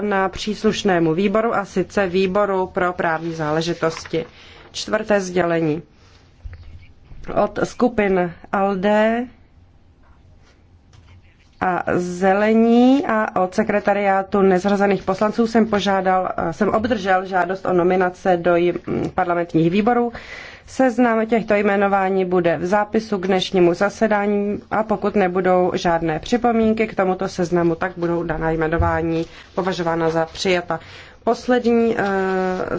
na příslušnému výboru a sice výboru pro právní záležitosti. Čtvrté sdělení. Od skupin ALDE a zelení a od sekretariátu nezrozených poslanců jsem požádal, jsem obdržel žádost o nominace do parlamentních výborů. Seznam těchto jmenování bude v zápisu k dnešnímu zasedání a pokud nebudou žádné připomínky k tomuto seznamu, tak budou daná jmenování považována za přijata. Poslední eh,